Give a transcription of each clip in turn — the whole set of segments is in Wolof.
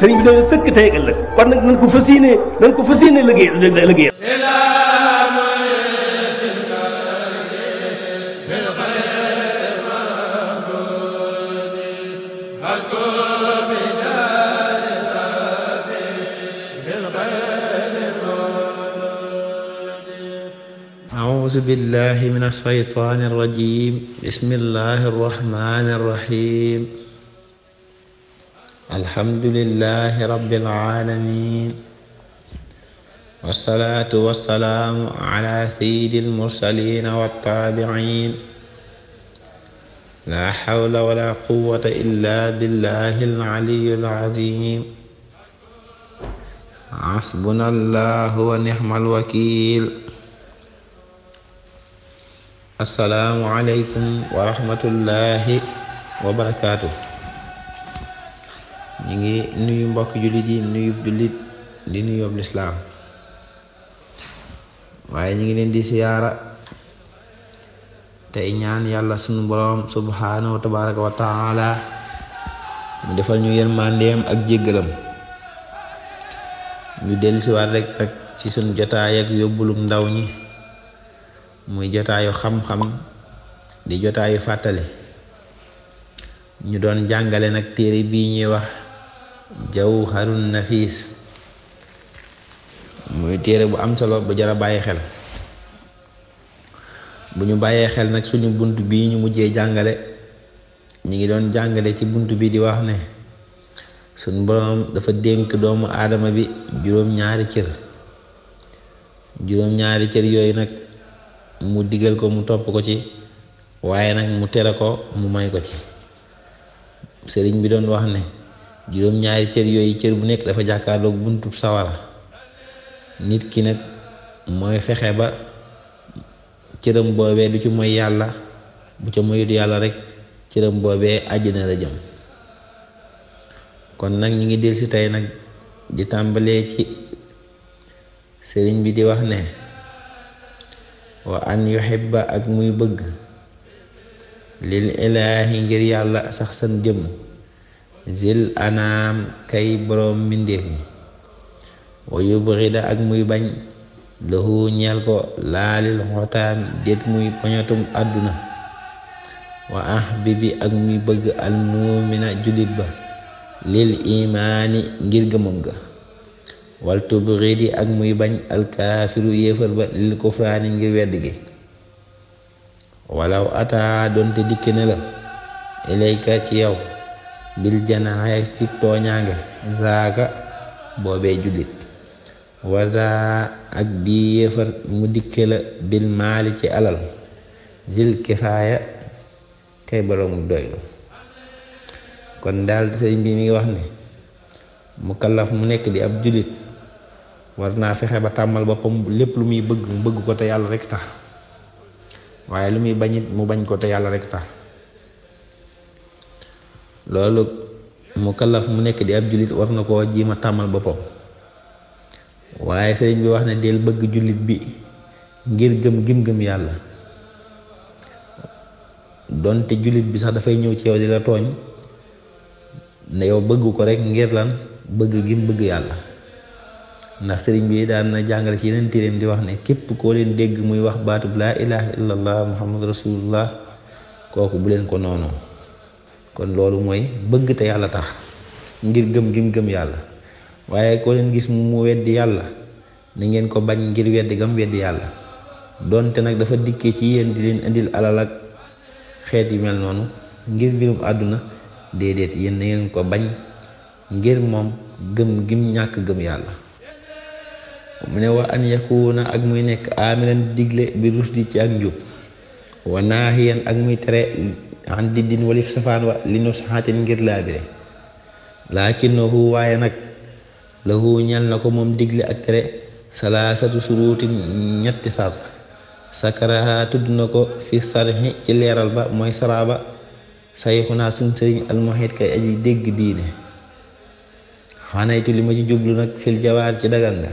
sëriñ bi dañu sëkk tey ak ëllëg kon nag nañ ko fas yéene nañ ko fas yéene liggéey liggéey أعوذ بالله من الشيطان الرجيم بسم الله الرحمن الرحيم alhamdulillahi rabbil aalamiin wassalaatu wassalaamu ala sayyidil mursaliin wattaabiciin laa xawla wala quwwata illaa billahil aliyyil aziim xasbunallaahu wa nixmal wakiil assalaamu aleykum wa rahmatullaahi wa barakaatuh ñu ngi nuyu mbokk jullit yi nuyu jullit di nuyoob lislaam waaye ñu ngi leen di siyaara tey ñaan yàlla sunu boroom subhaanahu tabaraka wa taala mu defal ñu yërmandeem ak jéggalam ñu dellu siwaat rek nag ci sunu jotaay ak yóbbulum ndaw ñi muy jotaayu xam-xam di jotaayu fàttali ñu doon jàngale nag téere bii ñuy wax jawharun nafis muy téere bu am solo bu jara bàyyi xel bu ñu bàyyee xel nag suñu bunt bii ñu mujjee jàngale ñi ngi doon jàngale ci bunt bi di wax ne suñ boroom dafa dénk doomu aadama bi juróom-ñaari cër juróom-ñaari cër yooyu nag mu digal ko mu topp ko ci waaye nag mu tere ko mu may ko ci sëriñ bi doon wax ne juróom-ñaari cër yooyu cër bu nekk dafa jàkkaarloog buntu sawara nit ki nag mooy fexe ba cëram boobee du ci mooy yàlla bu ca moyut yàlla rek cëram boobee àjjana la jëm kon nag ñu ngi si tey nag di tàmbalee ci sëriñ bi di wax ne wa an yuhibba ak muy bëgg lil ilaahi ngir yàlla sax seen jëm zil anaam kay boroom mbindéef mi wa yubxida ak muy bañ lahu ñeel ko laalil xotaam déet muy poñatum àdduna wa ahbibi ak muy bëgg almuumina jullit ba lil imaani ngir gëmam ga wal tubxidi ak muy bañ alkaafiru yéefar ba lil kufraani ngir wedd gi walaw ataa doonte dikk na la ilayka ci yow bil janaax ci tooñaange zaaga boobee jullit waza ak bii yéefar mu dikke la bil maali ci alal zil kifaaya kay boroomu doylu kon daal sëriñ bi mi ngi wax ne mu kallaf mu nekk di ab jullit war naa fexe ba tàmmal boppam lépp lu muy bëgg mu bëgg ko te yàlla rek tax waaye lu muy bañit mu bañ ko te yàlla rek tax loolu mu kallaf mu nekk di ab jullit war na koo jiima tàmmal boppam waaye sëriñ bi wax ne del bëgg jullit bi ngir gëm gim gëm yàlla donte jullit bi sax dafay ñëw ci yow di tooñ ne yow bëgg ko rek ngir lan bëgg gim bëgg yàlla ndax sëriñ bii daan na jàngale ci yeneen téeréem di wax ne képp koo leen dégg muy wax baatub laa ilaha illallah muhammad rasulullah kooku bu leen ko noonu kon loolu mooy bëgg te yàlla tax ngir gëm gim gëm yàlla waaye koo leen gis mu weddi yàlla na ngeen ko bañ ngir weddi gam weddi yàlla donte nag dafa dikkee ci yéen di leen indil alal ak xeet yu mel noonu ngir mbirum àdduna déedéet yéen na ngeen ko bañ ngir moom gëm gim ñàkk gëm yàlla mu ne wax wa an yakuuna ak muy nekk aamilan digle bi rusdi ci ak njub wa naahiyan ak muy tere an diddin walif safaan wa li nusaxaatin ngir laabire lakinnahu waaye nag lahu ñal na ko moom digle ak tere salaasatu suruuti ñetti sar sakaraha tudd na ko fi sarxi ci leeral ba mooy saraaba sayxunaa suñ sëriñ almuhit kay aji dégg diine xanaytu li ma ci jublu nag fil jawaar ci dagan nga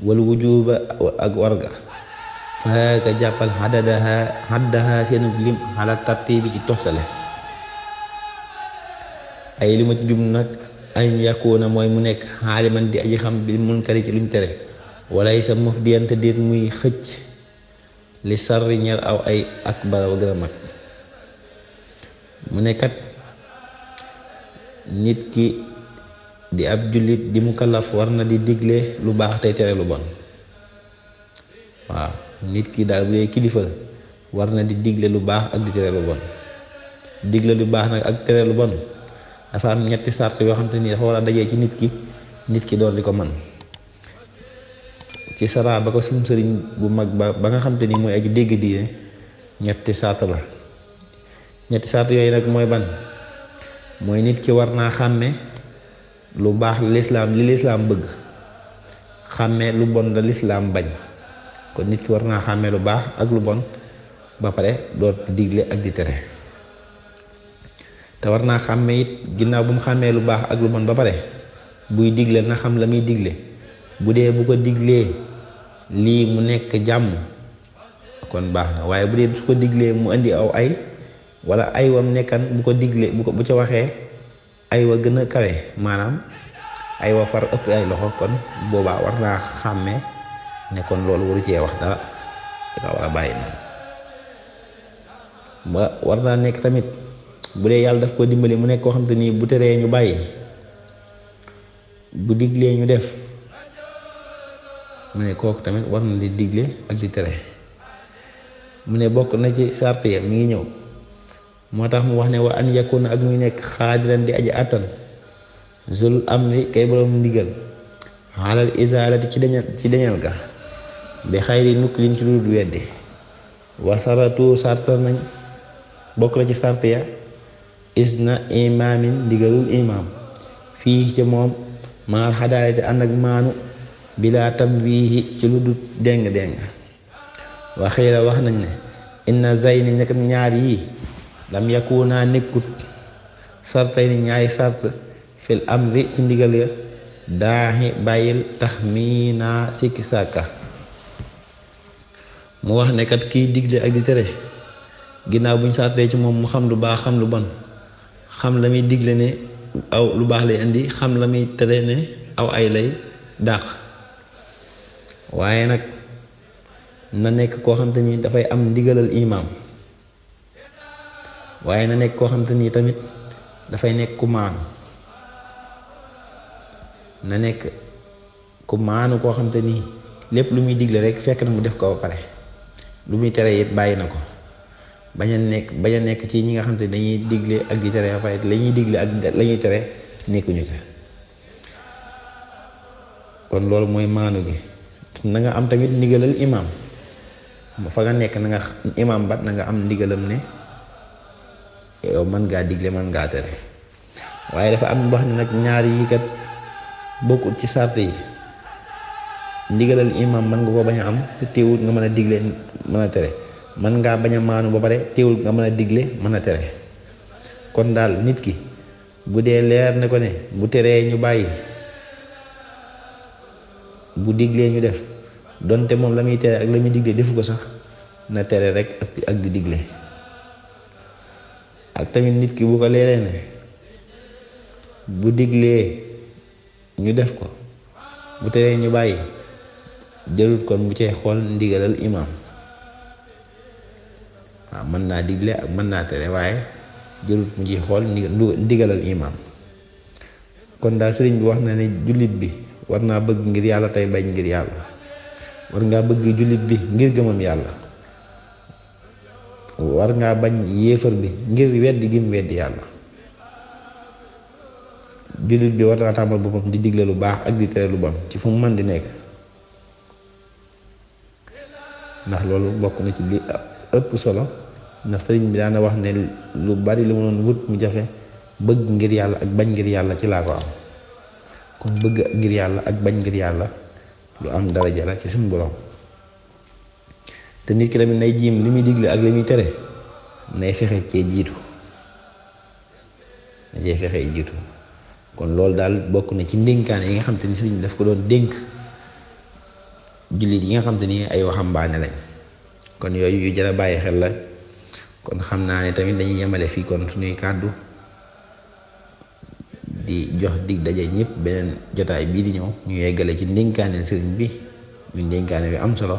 wal wujuba ak warga fa nga jàppal xadadaha xaddaha seenub lim xala tatti bi ci toftale ay limu lim nag añ yàkkuuna mooy mu nekk xaaliman di aji xam bi munkari ci luñ tere wala yi sa mof diyante déet muy xëcc li sarri ñer aw ay ak baraw gën a mag mu nekkat nit ki di ab jullit di mu kalaf war na di digle lu baax tey tere lu bon waaw nit ki daal bu dee kilifa war na di digle lu baax ak di tere lu bon digle lu baax nag ak tere lu bon dafa am ñetti sart yoo xam ni dafa war a dajee ci nit ki nit ki door di ko man ci saraa ba ko suñ sëriñ bu mag ba ba nga xam ni mooy aji dégg diine ñetti sart la ñetti sart yooyu nag mooy ban mooy nit ki war naa xàmme lu baax lislaam li lislaam bëgg xàmme lu bon la lislaam bañ kon nit ki war naa xàmmee lu baax ak lu bon ba pare doo digle ak di tere te war naa xàmme it ginnaaw bu mu xàmmee lu baax ak lu bon ba pare buy digle na xam la muy digle bu dee bu ko diglee lii mu nekk jàmm kon baax na waaye bu dee su ko diglee mu indi aw ay wala ay wam nekkan bu ko diglee bu ko bu ca waxee ay wa gën a kawe maanaam ay wa far ëpp ay loxo kon boobaa war naa xàmmee ne kon loolu waru cee wax dara da war a bàyyi noonu ba war naa nekk tamit bu dee yàlla daf koo dimbali mu nekk koo xam te nii bu teree ñu bàyyi bu diglee ñu def mu ne kooku tamit war na di digle ak di tere mu ne bokk na ci sàrt ya mi ngi ñëw moo tax mu wax ne wa an yakuna ak muy nekk xaadiran di aji àttan zul amri kay borom ndigal xaalal isaalati ci dañal ci dañal ga bi xayri nukk liñ ci dul weddi wasaratu sart nañ bokk la ci sart ya isna imaamin ndigalul imaam fii ci moom maal xadaalati ànd ak maanu bilaa tamwiihi ci lu du déng déng waxee la wax nañ ne inna zayni nekk ñaar yi lam yakunaa nekkut sartay ni ñaari sart fil amri ci ndigal ya daaxi bàyyil tax mii naa sikki sàkka mu wax ne kat kiy digle ak di tere ginnaaw bu ñu saatee ci moom mu xam lu baax xam lu bon xam la muy digle ne aw lu baax lay indi xam la muy tere ne aw ay lay dàq waaye nag na nekk koo xam te ni dafay am ndigalal imaam waaye na nekk koo xam te tamit dafay nekk ku maanu na nekk ku maanu koo xam te ni lépp lu muy digle rek fekk na mu def ko ba pare lu muy tere it bàyyi na ko bañ a nekk bañ a nekk ci ñi nga xam te dañuy digle ak di tere ba pare digle ak la ñuy tere nekkuñu ko kon loolu mooy maanu gi nanga am tamit ndigalal imaam fa nga nekk nanga nga imaam bat na am ndigalam ne yow mën ngaa digle mën ngaa tere waaye dafa am wax ne nag ñaar yi kat ci sart yi ndigalal imam man nga koo bañ a am te teewul nga mën a digle mën a tere man ngaa bañ a maanu ba pare téewul nga mën a digle mën a tere kon daal nit ki bu dee leer na ko ne bu teree ñu bàyyi bu diglee ñu def doonte moom la muy tere ak la muy digle defu ko sax na tere rek ak di digle ak tamit nit ki bu ko leeree ne bu diglee ñu def ko bu teree ñu bàyyi jërul kon mu cay xool ndigalal imaam waaw mën naa digle ak mën naa tere waaye jërut mu ciy xool ndigalal imaam kon daal sëriñ bi wax na ne jullit bi war naa bëgg ngir yàlla tey bañ ngir yàlla war ngaa bëgg jullit bi ngir gëmam yàlla war ngaa bañ yéefar bi ngir weddi gi mu weddi yàlla jullit bi war naa tàmbal boppam di digle lu baax ak di tere lu bon ci fu mu man di nekk ndax loolu bokk na ci li ëpp solo ndax sëriñ bi daana wax ne lu bari li ma doon wut mu jafe bëgg ngir yàlla ak bañ ngir yàlla ci laa ko am yàlla ak bañ ngir yàlla lu am daraja la ci suñu borom te nit ki tamit nay jiim li muy digle ak li muy tere nay fexe cee jiitu na cee fexe jiitu kon loolu daal bokk na ci ndénkaan yi nga xam te ni sëriñ bi daf ko doon dénk jullit yi nga xam te ni ay waxambaane lañ kon yooyu yu jar a bàyyi xel la kon xam naa ne tamit dañuy yemale fii kon suñuy kàddu di jox dig daje ñëpp beneen jotaay bii di ñëw ñu yeggale ci ndénkaane sëriñ bi ñu ndénkaane bi am solo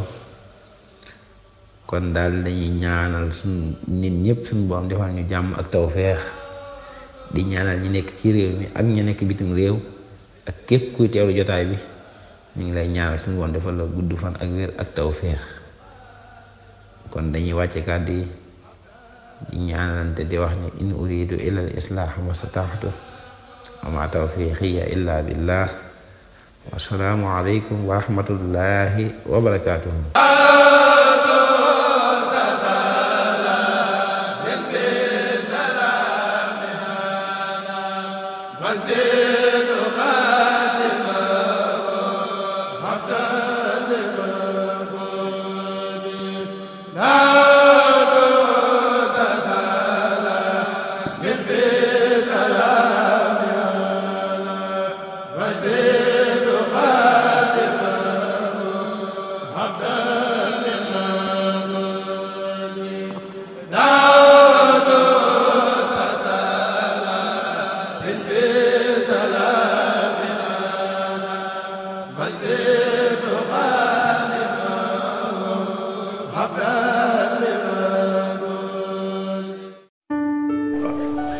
kon daal dañuy ñaanal su nit ñëpp suñu boom defal ñu jàmm ak taw feex di ñaanal ñi nekk ci réew mi ak ñi nekk bitim réew ak képp kuy teewlu jotaay bi ñu ngi lay ñaanal suñu woon defal la gudd fan ak wér ak tawféex kon dañuy wàcce kàddu yi di ñaanalante di wax ni in uridu illa al islaax ma stataxtu wa ma tawfiqiya illa billah wasalaamu aleykum wa rahmatullahi wa barakatuhu Amen.